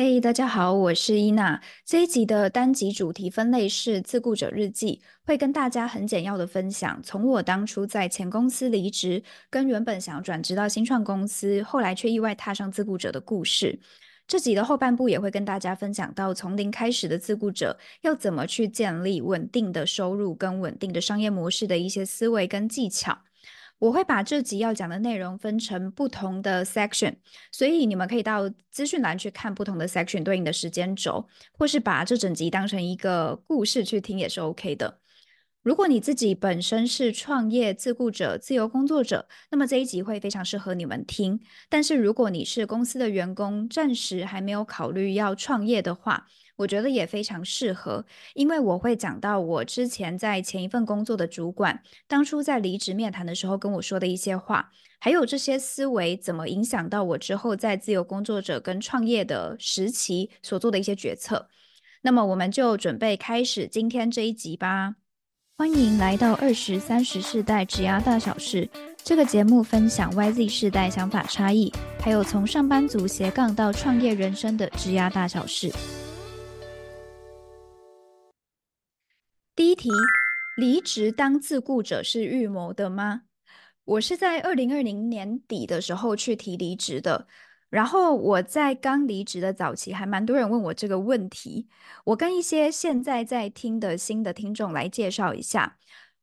嘿，hey, 大家好，我是伊娜。這一集的單集主題分類是自雇者日記，會跟大家很簡要的分享從我當初在前公司離職，跟原本想要轉職到新創公司，後來卻意外踏上自雇者的故事。這集的後半部也會跟大家分享到從零開始的自雇者，要怎麼去建立穩定的收入跟穩定的商業模式的一些思維跟技巧。我會把這集要講的內容分成不同的 section，所以你們可以到資訊欄去看不同的 section 對應的時間軸，或是把這整集當成一個故事去聽也是 OK 的。如果你自己本身是創業自雇者、自由工作者，那麼這一集會非常適合你們聽。但是如果你是公司的員工，暫時還沒有考慮要創業的話，我覺得也非常適合，因為我會講到我之前在前一份工作的主管當初在離職面談的時候跟我說的一些話，還有這些思維怎麼影響到我之後在自由工作者跟創業的時期所做的一些決策。那麼我們就準備開始今天這一集吧。歡迎來到二十三十世代職涯大小室這個節目，分享 YZ 世代想法差異，還有從上班族斜槓到創業人生的職涯大小室。離職當自雇者，是預謀的嗎？我是在二零二零年底的時候去提離職的。然後我在剛離職的早期，還蠻多人問我這個問題。我跟一些現在在聽的新的聽眾來介紹一下，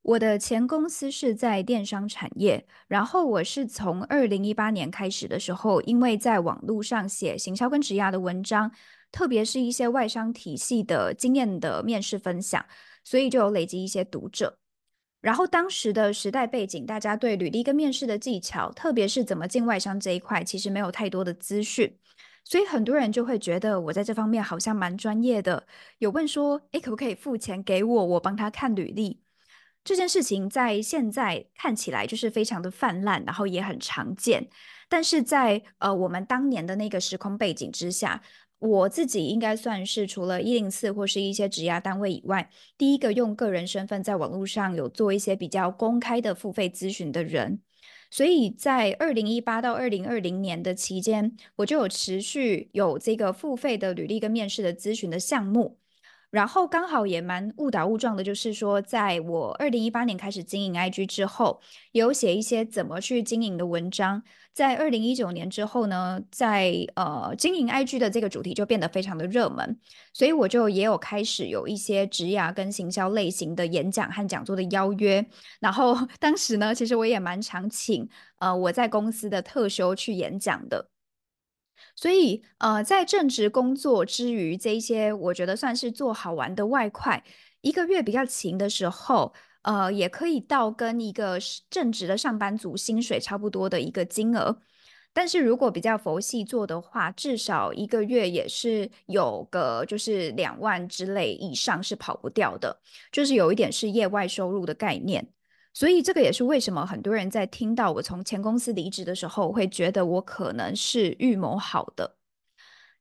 我的前公司是在電商產業。然後我是從二零一八年開始的時候，因為在網絡上寫行銷跟職涯的文章，特別是一些外商體系的經驗的面試分享。所以就有累積一些讀者，然後當時的時代背景，大家對履歷跟面試的技巧，特別是怎麼進外商這一塊，其實沒有太多的資訊，所以很多人就會覺得我在這方面好像蠻專業的，有問說，誒，可不可以付錢給我，我幫他看履歷。這件事情在現在看起來就是非常的泛濫，然後也很常見，但是在，呃，我們當年的那個時空背景之下。我自己應該算是除了一零四或是一些職涯單位以外，第一個用個人身份在網絡上有做一些比較公開的付費諮詢的人。所以在二零一八到二零二零年的期間，我就有持續有這個付費的履歷跟面試的諮詢的項目。然後剛好也蠻誤打誤撞的，就是說在我二零一八年開始經營 IG 之後，有寫一些怎麼去經營的文章。在二零一九年之後呢，在呃經營 IG 的這個主題就變得非常的熱門，所以我就也有開始有一些職涯跟行銷類型的演講和講座的邀約。然後當時呢，其實我也蠻常請呃我在公司的特休去演講的，所以呃在正職工作之餘，這一些我覺得算是做好玩的外快，一個月比較勤的時候，呃，也可以到跟一個正職的上班族薪水差不多的一個金額，但是如果比較佛系做的話，至少一個月也是有個就是兩萬之類以上是跑不掉的。就是有一點是業外收入的概念，所以這個也是為什麼很多人在聽到我從前公司離職的時候，會覺得我可能是預謀好的。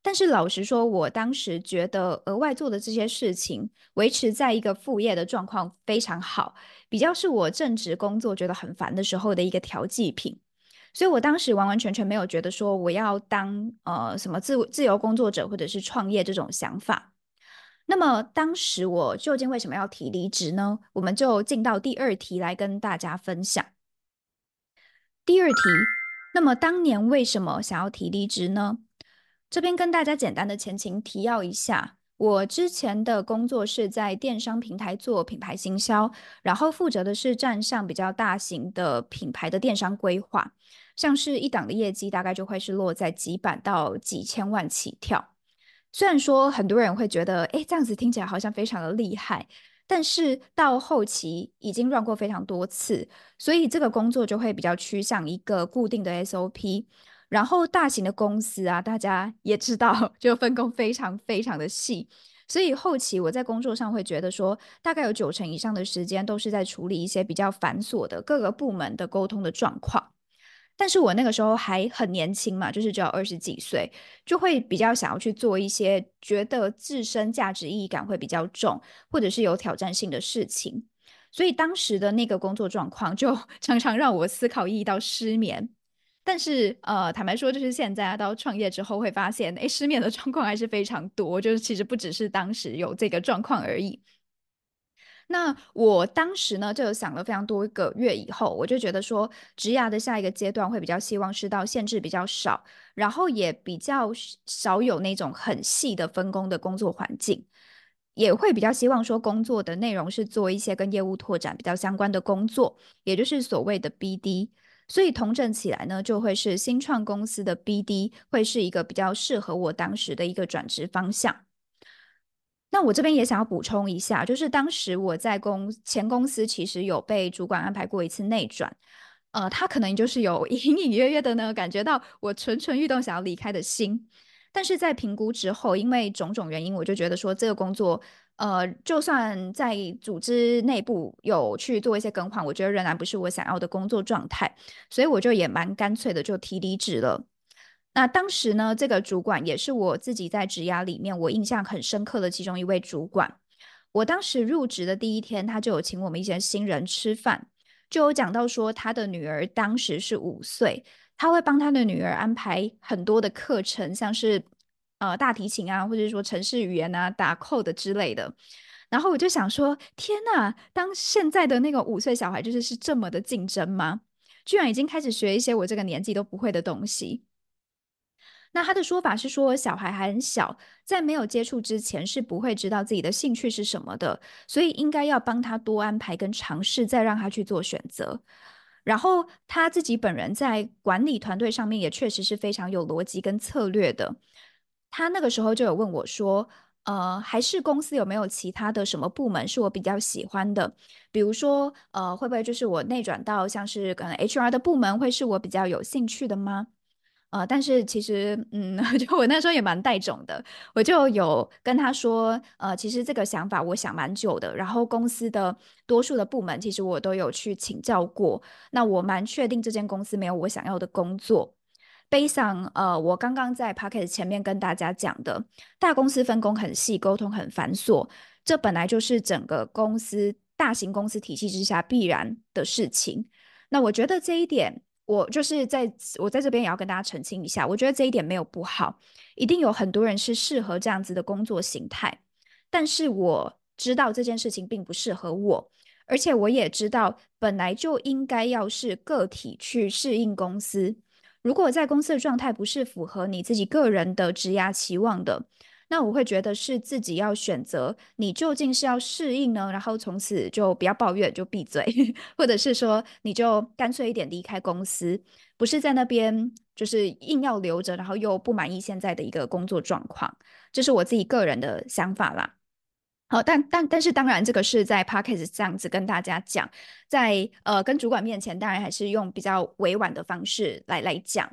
但是老實說，我當時覺得額外做的這些事情，維持在一個副業的狀況非常好，比較是我正職工作覺得很煩的時候的一個調劑品，所以我當時完完全全沒有覺得說我要當呃什麼自自由工作者或者是創業這種想法。那麼當時我究竟為什麼要提離職呢？我們就進到第二題來跟大家分享。第二題，那麼當年為什麼想要提離職呢？這邊跟大家簡單的前情提要一下，我之前的工作是在電商平台做品牌行銷，然後負責的是站上比較大型的品牌的電商規劃，像是一檔的業績大概就會是落在幾百到幾千萬起跳。雖然說很多人會覺得，哎，這樣子聽起來好像非常的厲害，但是到後期已經 run 過非常多次，所以這個工作就會比較趨向一個固定的 SOP。然後大型的公司啊，大家也知道，就分工非常非常的細，所以後期我在工作上會覺得說，大概有九成以上的時間都是在處理一些比較繁瑣的各個部門的溝通的狀況。但是我那個時候還很年輕嘛，就是只有二十幾歲，就會比較想要去做一些覺得自身價值意義感會比較重，或者是有挑戰性的事情。所以當時的那個工作狀況，就常常讓我思考意義到失眠。但是，呃，坦白說，就是現在啊，到創業之後會發現，哎，失眠的狀況還是非常多。就是其實不只是當時有這個狀況而已。那我當時呢，就有想了非常多一個月以後，我就覺得說，職涯的下一個階段會比較希望是到限制比較少，然後也比較少有那種很細的分工的工作環境，也會比較希望說工作的內容是做一些跟業務拓展比較相關的工作，也就是所謂的 BD。所以統整起來呢，就會是新創公司的 BD 會是一個比較適合我當時的一個轉職方向。那我這邊也想要補充一下，就是當時我在公前公司其實有被主管安排過一次內轉，呃，他可能就是有隱隱約約的呢感覺到我蠢蠢欲動想要離開的心，但是在評估之後，因為種種原因，我就覺得說這個工作。呃，就算在組織內部有去做一些更換，我覺得仍然不是我想要的工作狀態，所以我就也蠻乾脆的就提離職了。那當時呢，這個主管也是我自己在職涯裡面我印象很深刻的其中一位主管。我當時入職的第一天，他就有請我們一些新人吃飯，就有講到說他的女兒當時是五歲，他會幫他的女兒安排很多的課程，像是呃，大提琴啊，或者是說程式語言啊，打 code 之類的。然後我就想說，天吶，當現在的那個五歲小孩，就是是這麼的競爭嗎？居然已經開始學一些我這個年紀都不會的東西。那他的說法是說，小孩還很小，在沒有接觸之前是不會知道自己的興趣是什麼的，所以應該要幫他多安排跟嘗試，再讓他去做選擇。然後他自己本人在管理團隊上面也確實是非常有邏輯跟策略的。他那個時候就有問我說，呃，還是公司有沒有其他的什麼部門是我比較喜歡的？比如說，呃，會不會就是我內轉到像是可能 HR 的部門會是我比較有興趣的嗎？呃，但是其實，嗯，就我那時候也蠻帶種的，我就有跟他說，呃，其實這個想法我想蠻久的，然後公司的多數的部門其實我都有去請教過，那我蠻確定這間公司沒有我想要的工作。非常呃，我剛剛在 Podcast 前面跟大家講的，大公司分工很細，溝通很繁瑣，這本來就是整個公司、大型公司體系之下必然的事情。那我覺得這一點，我就是在我在這邊也要跟大家澄清一下，我覺得這一點沒有不好，一定有很多人是適合這樣子的工作形態。但是我知道這件事情並不適合我，而且我也知道本來就應該要是個體去適應公司。如果在公司的狀態不是符合你自己個人的職涯期望的，那我會覺得是自己要選擇，你究竟是要適應呢，然後從此就不要抱怨，就閉嘴，或者是說你就乾脆一點離開公司，不是在那邊就是硬要留着，然後又不滿意現在的一個工作狀況，這是我自己個人的想法啦。哦，但但但是當然，這個是在 podcast 這樣子跟大家講，在呃跟主管面前，當然還是用比較委婉的方式來來講。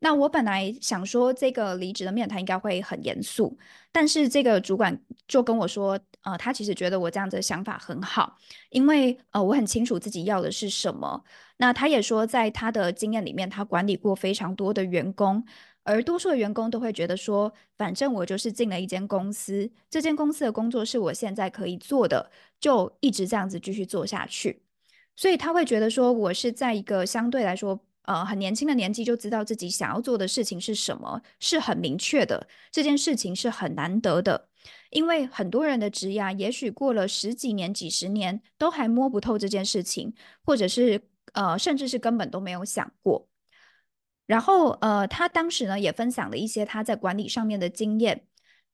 那我本來想說這個離職的面談應該會很嚴肅，但是這個主管就跟我說，呃，他其實覺得我這樣子的想法很好，因為呃我很清楚自己要的是什麼。那他也說，在他的經驗裡面，他管理過非常多的員工。而多數的員工都會覺得說，反正我就是進了一間公司，這間公司的工作是我現在可以做的，就一直這樣子繼續做下去。所以他會覺得說，我是在一個相對來說，呃，很年輕的年紀就知道自己想要做的事情是什麼，是很明確的。這件事情是很難得的，因為很多人的職涯也許過了十幾年、幾十年，都還摸不透這件事情，或者是呃，甚至是根本都沒有想過。然後，呃，他當時呢也分享了一些他在管理上面的經驗，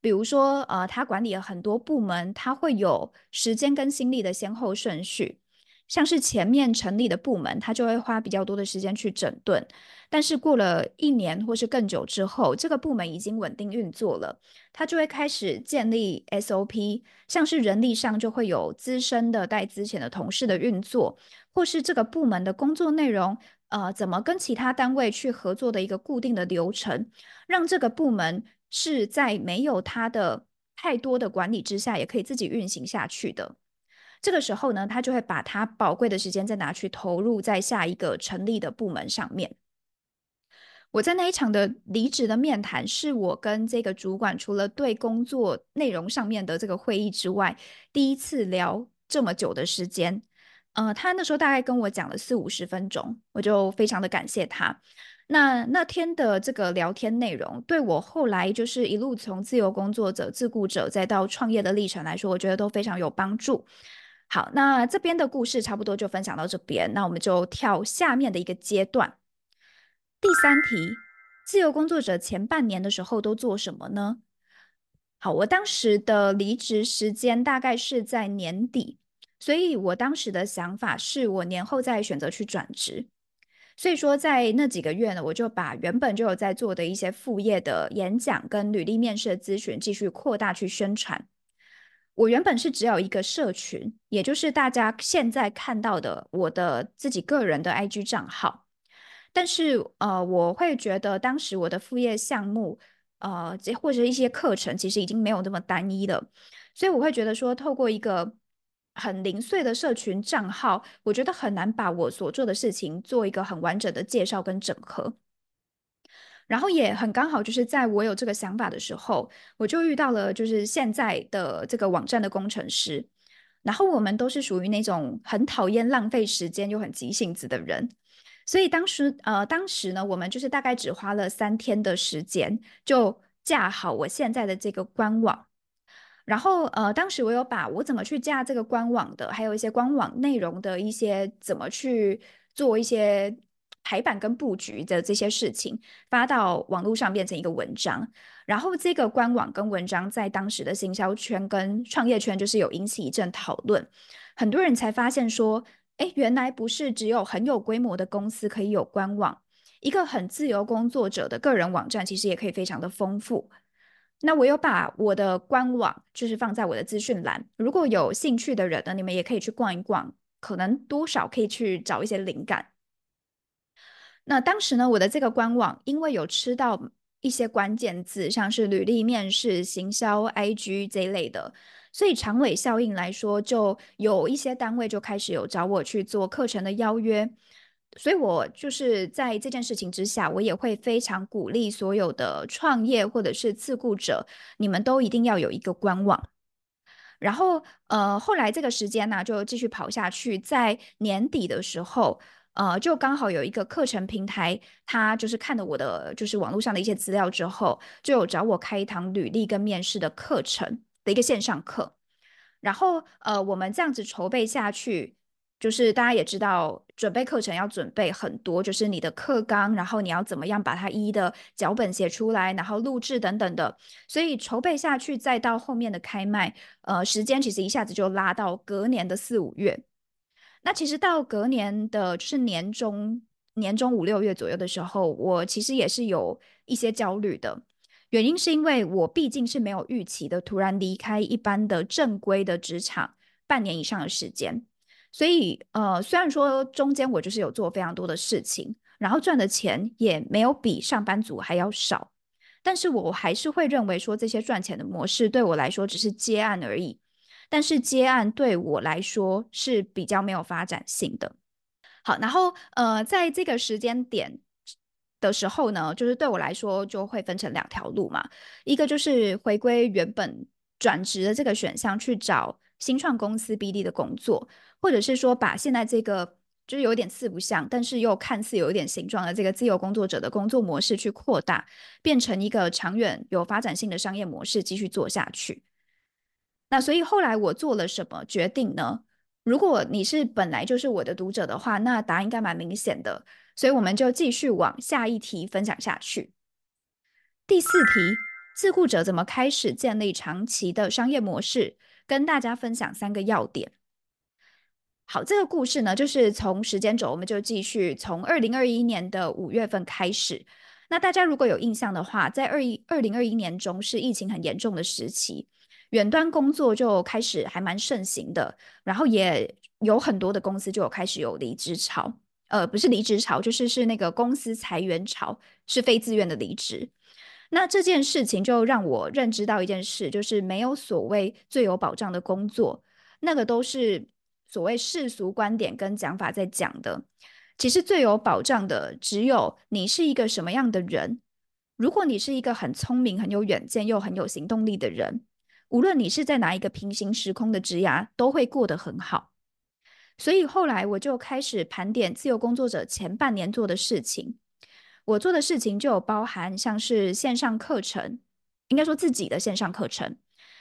比如說，呃，他管理了很多部門，他會有時間跟心力的先後順序，像是前面成立的部門，他就會花比較多的時間去整頓，但是過了一年或是更久之後，這個部門已經穩定運作了，他就會開始建立 SOP，像是人力上就會有資深的帶資淺的同事的運作，或是這個部門的工作內容。呃，怎麼跟其他單位去合作的一個固定的流程，讓這個部門是在沒有他的太多的管理之下，也可以自己運行下去的。這個時候呢，他就會把他寶貴的時間再拿去投入在下一個成立的部門上面。我在那一場的離職的面談，是我跟這個主管除了對工作內容上面的這個會議之外，第一次聊這麼久的時間。呃，他那時候大概跟我講了四五十分鐘，我就非常的感謝他。那那天的這個聊天內容，對我後來就是一路從自由工作者、自雇者再到創業的歷程來說，我覺得都非常有幫助。好，那這邊的故事差不多就分享到這邊，那我們就跳下面的一個階段。第三題，自由工作者前半年的時候都做什麼呢？好，我當時的離職時間大概是在年底。所以我當時的想法是，我年後再選擇去轉職，所以說在那幾個月呢，我就把原本就有在做的一些副業的演講跟履歷面試的諮詢繼續擴大去宣傳。我原本是只有一個社群，也就是大家現在看到的我的自己個人的 IG 賬號，但是呃，我會覺得當時我的副業項目呃這，或者一些課程其實已經沒有那麼單一了，所以我會覺得說透過一個。很零碎的社群賬號，我覺得很難把我所做的事情做一個很完整的介紹跟整合。然後也很剛好，就是在我有這個想法的時候，我就遇到了就是現在的這個網站的工程師。然後我們都是屬於那種很討厭浪費時間又很急性子的人，所以當時，呃，當時呢，我們就是大概只花了三天的時間就架好我現在的這個官網。然後，呃，當時我有把我怎麼去架這個官網的，還有一些官網內容的一些怎麼去做一些排版跟布局的這些事情發到網絡上，變成一個文章。然後這個官網跟文章在當時的行銷圈跟創業圈就是有引起一陣討論，很多人才發現說，哎，原來不是只有很有規模的公司可以有官網，一個很自由工作者的個人網站其實也可以非常的豐富。那我有把我的官網就是放在我的資訊欄，如果有興趣的人呢，你們也可以去逛一逛，可能多少可以去找一些靈感。那當時呢，我的這個官網因為有吃到一些關鍵字，像是履歷、面試、行銷、IG 這類的，所以長尾效應來說，就有一些單位就開始有找我去做課程的邀約。所以，我就是在這件事情之下，我也會非常鼓勵所有的創業或者是自雇者，你們都一定要有一個官網。然後，呃，後來這個時間呢，啊，就繼續跑下去。在年底的時候，呃，就剛好有一個課程平台，他就是看了我的就是網絡上的一些資料之後，就有找我開一堂履歷跟面試的課程的一個線上課。然後，呃，我們這樣子籌備下去。就是大家也知道，準備課程要準備很多，就是你的課綱，然後你要怎麼樣把它一一的腳本寫出來，然後錄製等等的，所以籌備下去，再到後面的開賣，呃，時間其實一下子就拉到隔年的四五月。那其實到隔年的就是年中，年中五六月左右的時候，我其實也是有一些焦慮的，原因是因為我畢竟是沒有預期的突然離開一般的正規的職場，半年以上的時間。所以，呃，雖然說中間我就是有做非常多的事情，然後賺的錢也沒有比上班族還要少，但是我還是會認為說這些賺錢的模式對我來說只是接案而已。但是接案對我來說是比較沒有發展性的。好，然後，呃，在這個時間點的時候呢，就是對我來說就會分成兩條路嘛，一個就是回歸原本轉職的這個選項，去找新創公司 BD 的工作。或者是說，把現在這個就是有點四不像，但是又看似有一點形狀的這個自由工作者的工作模式去擴大，變成一個長遠有發展性的商業模式，繼續做下去。那所以後來我做了什麼決定呢？如果你是本來就是我的讀者的話，那答案應該蠻明顯的。所以我們就繼續往下一題分享下去。第四題，自雇者怎麼開始建立長期的商業模式？跟大家分享三個要點。好，這個故事呢，就是從時間軸，我們就繼續從二零二一年的五月份開始。那大家如果有印象的話，在二一二零二一年中是疫情很嚴重的時期，遠端工作就開始還蠻盛行的，然後也有很多的公司就有開始有離職潮，呃，不是離職潮，就是是那個公司裁員潮，是非自願的離職。那這件事情就讓我認知到一件事，就是沒有所謂最有保障的工作，那個都是。所謂世俗觀點跟講法在講的，其實最有保障的只有你是一個什麼樣的人。如果你是一個很聰明、很有遠見又很有行動力的人，無論你是在哪一個平行時空的職涯都會過得很好。所以後來我就開始盤點自由工作者前半年做的事情。我做的事情就有包含像是線上課程，應該說自己的線上課程。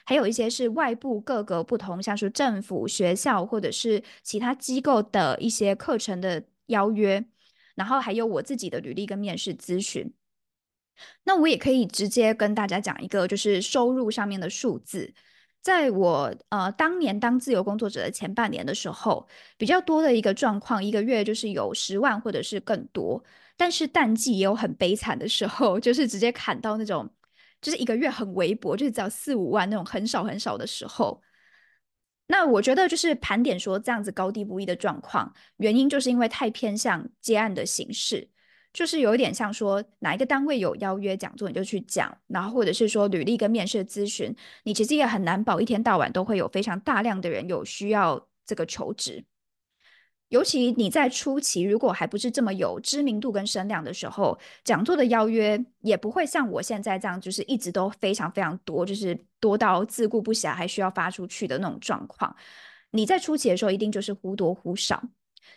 還有一些是外部各個不同，像是政府、學校或者是其他機構的一些課程的邀約，然後還有我自己的履歷跟面試諮詢。那我也可以直接跟大家講一個，就是收入上面的數字，在我呃當年當自由工作者的前半年的時候，比較多的一個狀況，一個月就是有十萬或者是更多，但是淡季也有很悲慘的時候，就是直接砍到那種。就是一個月很微薄，就是只要四五萬那種很少很少的時候。那我覺得就是盤點說這樣子高低不一的狀況，原因就是因為太偏向接案的形式，就是有一點像說哪一個單位有邀約講座，你就去講，然後或者是說履歷跟面試諮詢，你其實也很難保一天到晚都會有非常大量的人有需要這個求職。尤其你在初期，如果還不是這麼有知名度跟聲量的時候，講座的邀約也不會像我現在這樣，就是一直都非常非常多，就是多到自顧不暇，還需要發出去的那種狀況。你在初期的時候，一定就是忽多忽少，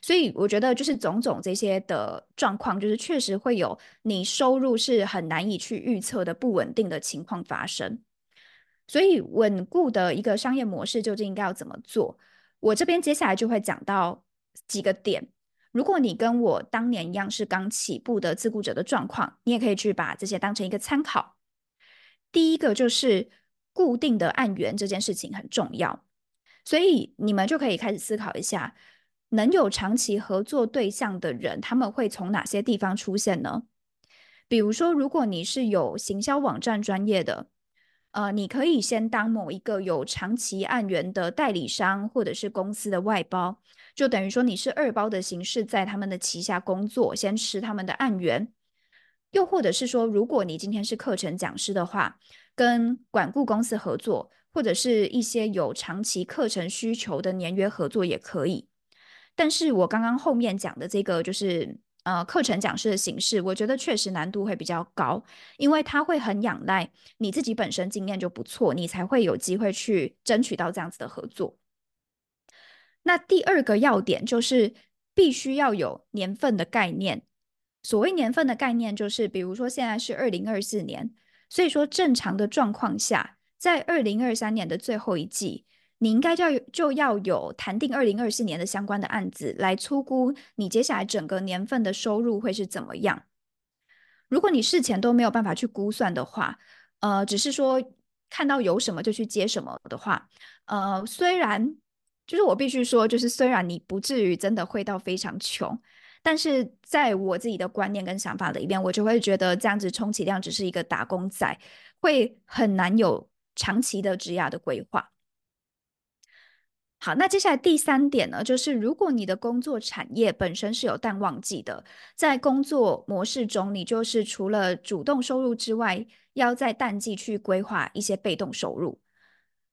所以我覺得就是種種這些的狀況，就是確實會有你收入是很難以去預測的不穩定的情況發生。所以，穩固的一個商業模式究竟應該要怎麼做？我這邊接下來就會講到。幾個點，如果你跟我當年一樣是剛起步的自雇者的狀況，你也可以去把這些當成一個參考。第一個就是固定的案源這件事情很重要，所以你們就可以開始思考一下，能有長期合作對象的人，他們會從哪些地方出現呢？比如說，如果你是有行銷網站專業的，呃，你可以先當某一個有長期案源的代理商，或者是公司的外包，就等於說你是二包的形式，在他們的旗下工作，先吃他們的案源。又或者是說，如果你今天是課程講師的話，跟管顧公司合作，或者是一些有長期課程需求的年約合作也可以。但是我剛剛後面講的這個就是。呃，課程講師的形式，我覺得確實難度會比較高，因為他會很仰賴你自己本身經驗就不錯，你才會有機會去爭取到這樣子的合作。那第二個要點就是，必須要有年份的概念。所謂年份的概念，就是比如說現在是二零二四年，所以說正常的狀況下，在二零二三年的最後一季。你應該就要有就要有談定二零二四年的相關的案子，來初估你接下來整個年份的收入會是怎麼樣。如果你事前都沒有辦法去估算的話，呃，只是說看到有什麼就去接什麼的話，呃，雖然就是我必須說，就是雖然你不至於真的會到非常窮，但是在我自己的觀念跟想法裡面，我就會覺得這樣子充其量只是一個打工仔，會很難有長期的、職涯的規劃。好，那接下來第三點呢，就是如果你的工作產業本身是有淡旺季的，在工作模式中，你就是除了主動收入之外，要在淡季去規劃一些被動收入。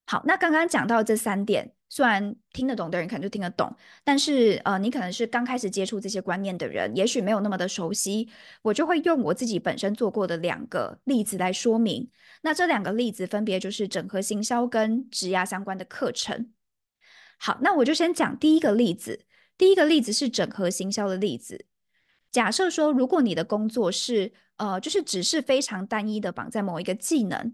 好，那剛剛講到這三點，雖然聽得懂的人可能就聽得懂，但是呃，你可能是剛開始接觸這些觀念的人，也許沒有那麼的熟悉。我就會用我自己本身做過的兩個例子來說明。那這兩個例子分別就是整合行銷跟職涯相關的課程。好，那我就先講第一個例子。第一個例子是整合行銷的例子。假設說，如果你的工作是呃，就是只是非常單一的綁在某一個技能，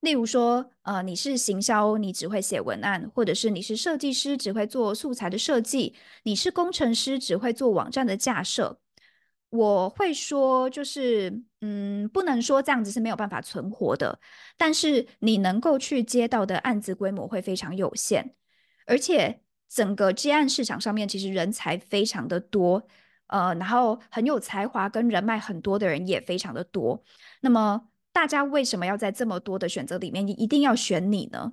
例如說，呃，你是行銷，你只會寫文案，或者是你是設計師，只會做素材的設計，你是工程師，只會做網站的架設，我會說，就是嗯，不能說這樣子是沒有辦法存活的，但是你能夠去接到的案子規模會非常有限。而且整個接案市場上面，其實人才非常的多，呃，然後很有才華跟人脈很多的人也非常的多。那麼大家為什麼要在這麼多的選擇裡面，你一定要選你呢？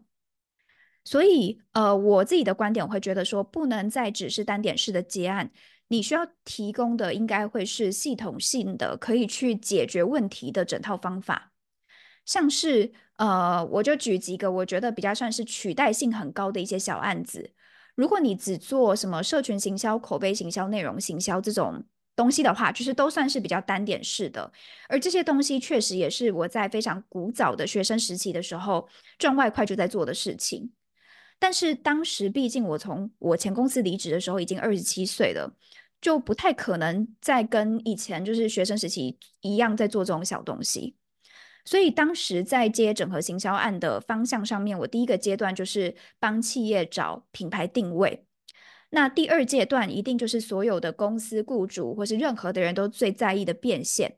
所以，呃，我自己的觀點，我會覺得說，不能再只是單點式的接案，你需要提供的應該會是系統性的，可以去解決問題的整套方法。像是呃，我就舉幾個我覺得比較算是取代性很高的一些小案子。如果你只做什麼社群行銷、口碑行銷、內容行銷這種東西的話，其實都算是比較單點式的。而這些東西確實也是我在非常古早的學生時期的時候賺外快就在做的事情。但是當時畢竟我從我前公司離職的時候已經二十七歲了，就不太可能再跟以前就是學生時期一樣在做這種小東西。所以當時在接整合行銷案的方向上面，我第一個階段就是幫企業找品牌定位。那第二階段一定就是所有的公司雇主或是任何的人都最在意的變現。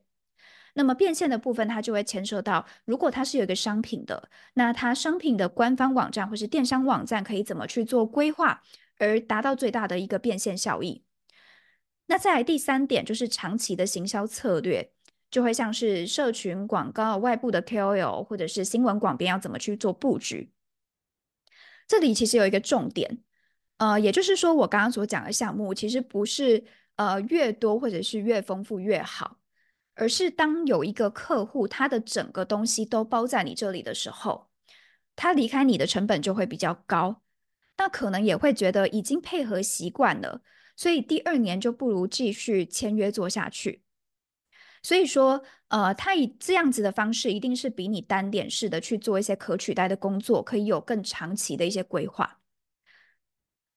那麼變現的部分，它就會牽涉到，如果它是有一個商品的，那它商品的官方網站或是電商網站可以怎麼去做規劃，而達到最大的一個變現效益。那再來第三點就是長期的行銷策略。就會像是社群廣告、外部的 KOL 或者是新聞廣編要怎麼去做布局？這裡其實有一個重點，呃，也就是說我剛剛所講的項目其實不是呃越多或者是越豐富越好，而是當有一個客戶他的整個東西都包在你這裡的時候，他離開你的成本就會比較高，那可能也會覺得已經配合習慣了，所以第二年就不如繼續簽約做下去。所以說，呃，他以這樣子的方式，一定是比你單點式的去做一些可取代的工作，可以有更長期的一些規劃。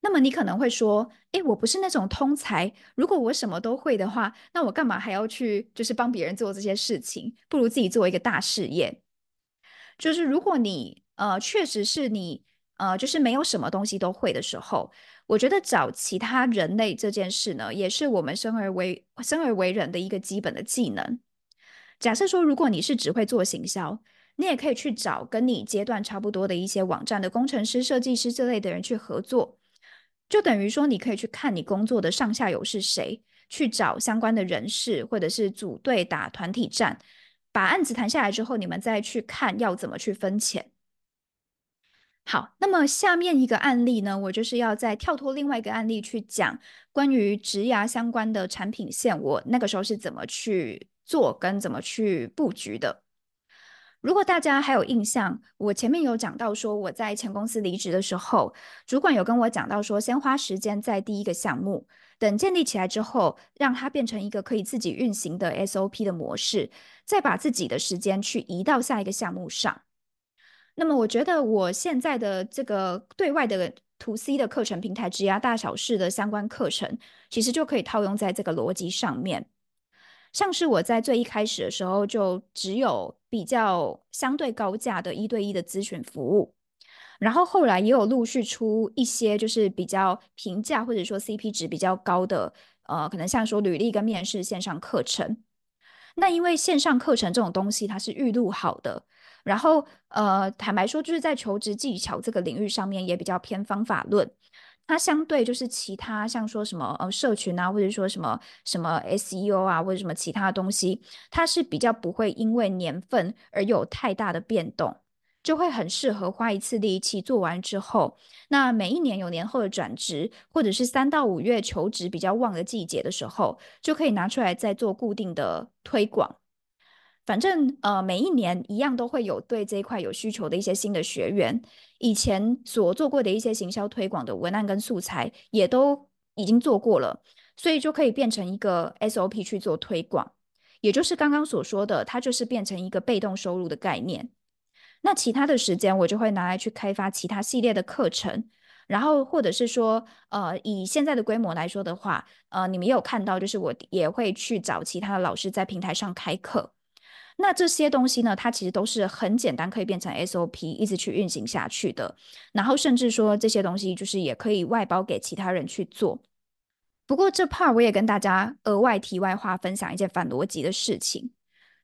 那麼你可能會說，哎，我不是那種通才，如果我什麼都會的話，那我幹嘛還要去就是幫別人做這些事情？不如自己做一個大事業。就是如果你呃，確實是你。呃，就是沒有什麼東西都會的時候，我覺得找其他人類這件事呢，也是我們生而為生而為人的一個基本的技能。假設說，如果你是只會做行銷，你也可以去找跟你階段差不多的一些網站的工程師、設計師這類的人去合作，就等於說你可以去看你工作的上下游是誰，去找相關的人士或者是組隊打團體戰，把案子談下來之後，你們再去看要怎麼去分錢。好，那麼下面一個案例呢，我就是要再跳脫另外一個案例去講關於職涯相關的產品線，我那個時候是怎麼去做跟怎麼去佈局的。如果大家還有印象，我前面有講到說我在前公司離職的時候，主管有跟我講到說，先花時間在第一個項目，等建立起來之後，讓它變成一個可以自己運行的 SOP 的模式，再把自己的時間去移到下一個項目上。那麼我覺得我現在的這個對外的 to C 的課程平台，職涯大小室的相關課程，其實就可以套用在這個邏輯上面。像是我在最一開始的時候，就只有比較相對高價的一對一的諮詢服務，然後後來也有陸續出一些就是比較平價或者說 CP 值比較高的，呃，可能像說履歷跟面試線上課程。那因為線上課程這種東西，它是預錄好的。然後，呃，坦白說，就是在求職技巧這個領域上面也比較偏方法論。它相對就是其他像說什麼呃社群啊，或者說什麼什麼 SEO 啊，或者什麼其他的東西，它是比較不會因為年份而有太大的變動，就會很適合花一次力氣做完之後，那每一年有年後的轉職，或者是三到五月求職比較旺的季節的時候，就可以拿出來再做固定的推廣。反正呃，每一年一樣都會有對這一塊有需求的一些新的學員，以前所做過的一些行銷推廣的文案跟素材也都已經做過了，所以就可以變成一個 SOP 去做推廣，也就是剛剛所說的，它就是變成一個被動收入的概念。那其他的時間我就會拿來去開發其他系列的課程，然後或者是說，呃，以現在的規模來說的話，呃，你們也有看到就是我也會去找其他的老師在平台上開課。那這些東西呢，它其實都是很簡單，可以變成 SOP，一直去運行下去的。然後甚至說這些東西，就是也可以外包給其他人去做。不過這 part 我也跟大家額外題外話分享一件反邏輯的事情。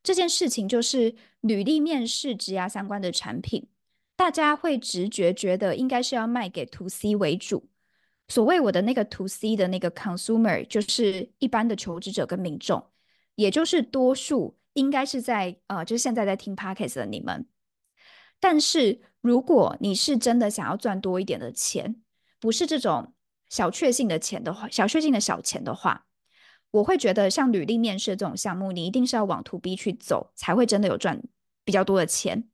這件事情就是，履歷面試職涯相關的產品，大家會直覺覺得應該是要賣給 to C 為主。所謂我的那個 to C 的那個 consumer，就是一般的求職者跟民眾，也就是多數。應該是在呃，就是現在在聽 podcast 的你們。但是如果你是真的想要賺多一點的錢，不是這種小確幸的錢的話，小確幸的小錢的話，我會覺得像履歷面試這種項目，你一定是要往 To B 去走，才會真的有賺比較多的錢。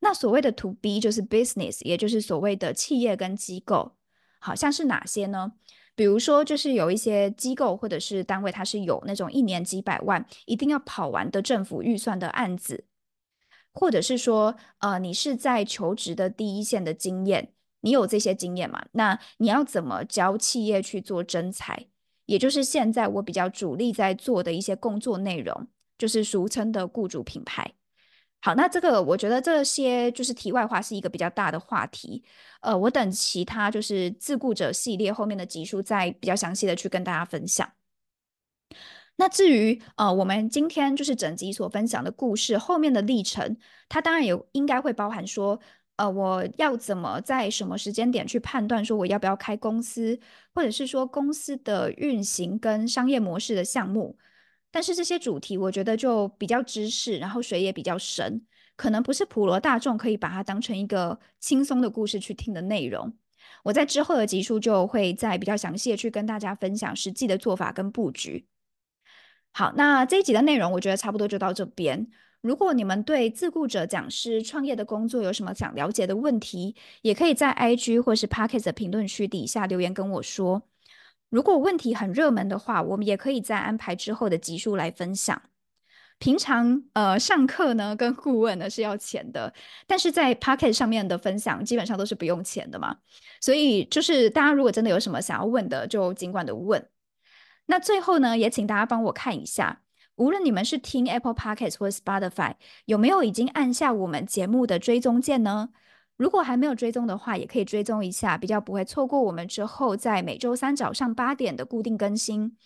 那所謂的 To B 就是 business，也就是所謂的企業跟機構，好，像是哪些呢？比如說，就是有一些機構或者是單位，它是有那種一年幾百萬，一定要跑完的政府預算的案子，或者是說，呃，你是在求職的第一線的經驗，你有這些經驗嗎？那你要怎麼教企業去做徵才？也就是現在我比較主力在做的一些工作內容，就是俗稱的雇主品牌。好，那這個我覺得這些就是題外話，是一個比較大的話題。呃，我等其他就是自雇者系列後面的集數，再比較詳細的去跟大家分享。那至於呃，我們今天就是整集所分享的故事後面的歷程，它當然有應該會包含說，呃，我要怎麼在什麼時間點去判斷說我要不要開公司，或者是說公司的運行跟商業模式的項目。但是這些主題我覺得就比較知識，然後水也比較深，可能不是普羅大眾可以把它當成一個輕鬆的故事去聽的內容。我在之後的集數就會再比較詳細的去跟大家分享實際的做法跟布局。好，那這一集的內容我覺得差不多就到這邊。如果你們對自雇者講師創業的工作有什麼想了解的問題，也可以在 IG 或是 Podcast 的評論區底下留言跟我說。如果問題很熱門的話，我們也可以再安排之後的集數來分享。平常呃上課呢，跟顧問呢是要錢的，但是在 Pocket 上面的分享基本上都是不用錢的嘛。所以就是大家如果真的有什麼想要問的，就儘管的問。那最後呢，也請大家幫我看一下，無論你們是聽 Apple Podcast 或 Spotify，有沒有已經按下我們節目的追蹤鍵呢？如果還沒有追蹤的話，也可以追蹤一下，比較不會錯過我們之後在每週三早上八點的固定更新。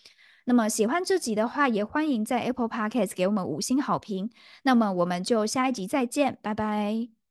那麼喜歡這集的話，也歡迎在 Apple Podcast 給我們五星好評。那麼我們就下一集再見，拜拜。